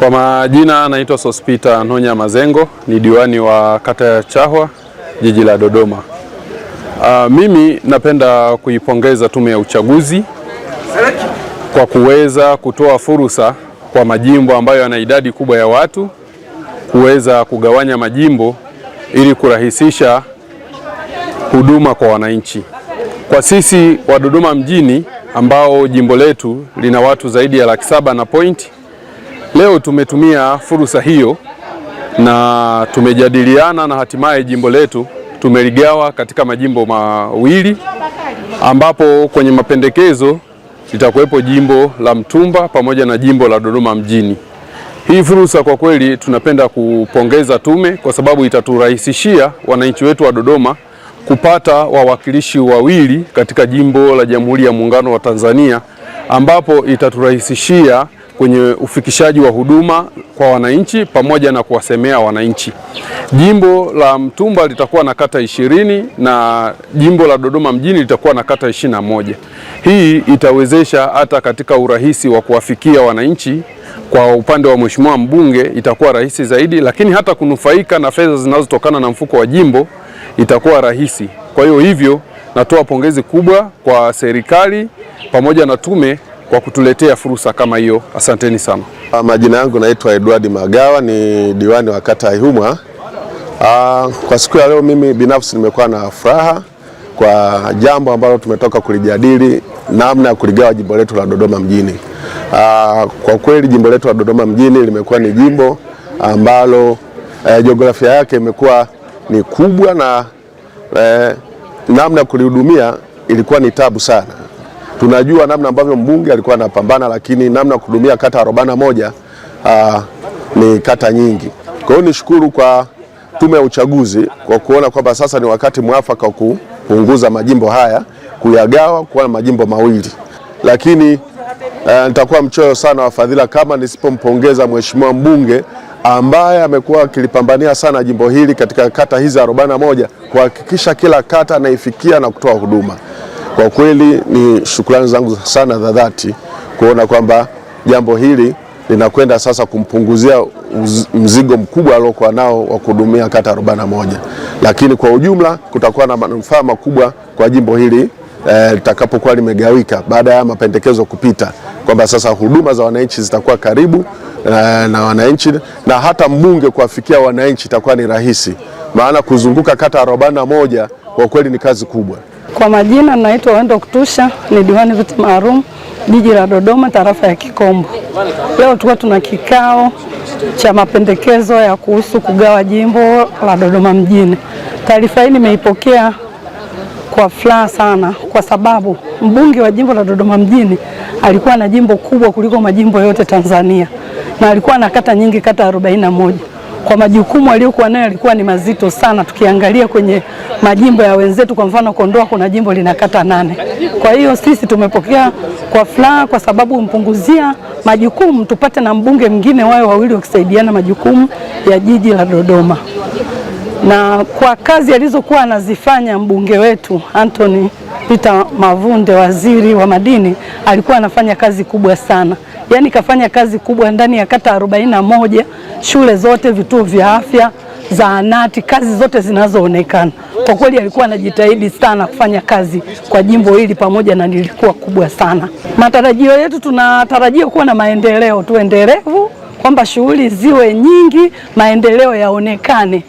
Kwa majina naitwa Sospita Nonya Mazengo, ni diwani wa kata ya Chahwa, jiji la Dodoma. Uh, mimi napenda kuipongeza tume ya uchaguzi kwa kuweza kutoa fursa kwa majimbo ambayo yana idadi kubwa ya watu kuweza kugawanya majimbo ili kurahisisha huduma kwa wananchi. Kwa sisi wa Dodoma mjini ambao jimbo letu lina watu zaidi ya laki saba na point Leo tumetumia fursa hiyo na tumejadiliana na hatimaye jimbo letu tumeligawa katika majimbo mawili ambapo kwenye mapendekezo litakuwepo jimbo la Mtumba pamoja na jimbo la Dodoma mjini. Hii fursa kwa kweli tunapenda kupongeza tume kwa sababu itaturahisishia wananchi wetu wa Dodoma kupata wawakilishi wawili katika jimbo la Jamhuri ya Muungano wa Tanzania ambapo itaturahisishia kwenye ufikishaji wa huduma kwa wananchi pamoja na kuwasemea wananchi. Jimbo la Mtumba litakuwa na kata ishirini na jimbo la Dodoma mjini litakuwa na kata ishirini na moja. Hii itawezesha hata katika urahisi wa kuwafikia wananchi kwa upande wa mheshimiwa mbunge itakuwa rahisi zaidi, lakini hata kunufaika na fedha zinazotokana na mfuko wa jimbo itakuwa rahisi. Kwa hiyo hivyo natoa pongezi kubwa kwa serikali pamoja na tume kwa kutuletea fursa kama hiyo. Asanteni sana. Ah, majina yangu naitwa Edward Magawa, ni diwani wa kata ya Ihumwa. Ah, kwa siku ya leo, mimi binafsi nimekuwa na furaha kwa jambo ambalo tumetoka kulijadili namna ya kuligawa jimbo letu la Dodoma mjini. Aa, ah, kwa kweli jimbo letu la Dodoma mjini limekuwa ni jimbo ambalo e, jiografia yake imekuwa ni kubwa na e, namna ya kulihudumia ilikuwa ni tabu sana tunajua namna ambavyo mbunge alikuwa anapambana, lakini namna kuhudumia kata arobaini moja aa, ah, ni kata nyingi. Kwa hiyo nishukuru kwa tume ya uchaguzi kwa kuona kwamba sasa ni wakati mwafaka wa kupunguza majimbo haya kuyagawa kuwa na majimbo mawili, lakini Uh, nitakuwa mchoyo sana wa fadhila kama nisipompongeza mheshimiwa mbunge ambaye amekuwa akilipambania sana jimbo hili katika kata hizi 41 kuhakikisha kila kata anaifikia na kutoa huduma. Kwa kweli ni shukrani zangu sana za dhati kuona kwamba jambo hili linakwenda sasa kumpunguzia mzigo mkubwa aliokuwa nao wa kuhudumia kata 41, lakini kwa ujumla kutakuwa na manufaa makubwa kwa jimbo hili eh, litakapokuwa e, limegawika baada ya mapendekezo kupita kwamba sasa huduma za wananchi zitakuwa karibu e, na wananchi na hata mbunge kuwafikia wananchi itakuwa ni rahisi, maana kuzunguka kata 41 kwa kweli ni kazi kubwa. Kwa majina naitwa Wendo Kutusha, ni diwani viti maalum jiji la Dodoma, tarafa ya Kikombo. Leo tulikuwa tuna kikao cha mapendekezo ya kuhusu kugawa jimbo la Dodoma mjini. Taarifa hii nimeipokea kwa furaha sana, kwa sababu mbunge wa jimbo la Dodoma mjini alikuwa na jimbo kubwa kuliko majimbo yote Tanzania, na alikuwa na kata nyingi, kata arobaini na moja kwa majukumu aliyokuwa nayo alikuwa ni mazito sana. Tukiangalia kwenye majimbo ya wenzetu, kwa mfano Kondoa kuna jimbo linakata nane. Kwa hiyo sisi tumepokea kwa furaha, kwa sababu mpunguzia majukumu, tupate na mbunge mwingine, wao wawili wakisaidiana majukumu ya jiji la Dodoma. Na kwa kazi alizokuwa anazifanya mbunge wetu Anthony Peter Mavunde, waziri wa madini, alikuwa anafanya kazi kubwa sana, yaani kafanya kazi kubwa ndani ya kata arobaini na moja, shule zote, vituo vya afya, zahanati, kazi zote zinazoonekana. Kwa kweli alikuwa anajitahidi sana kufanya kazi kwa jimbo hili, pamoja na nilikuwa kubwa sana. Matarajio yetu, tunatarajia kuwa na maendeleo tuendelevu, kwamba shughuli ziwe nyingi, maendeleo yaonekane.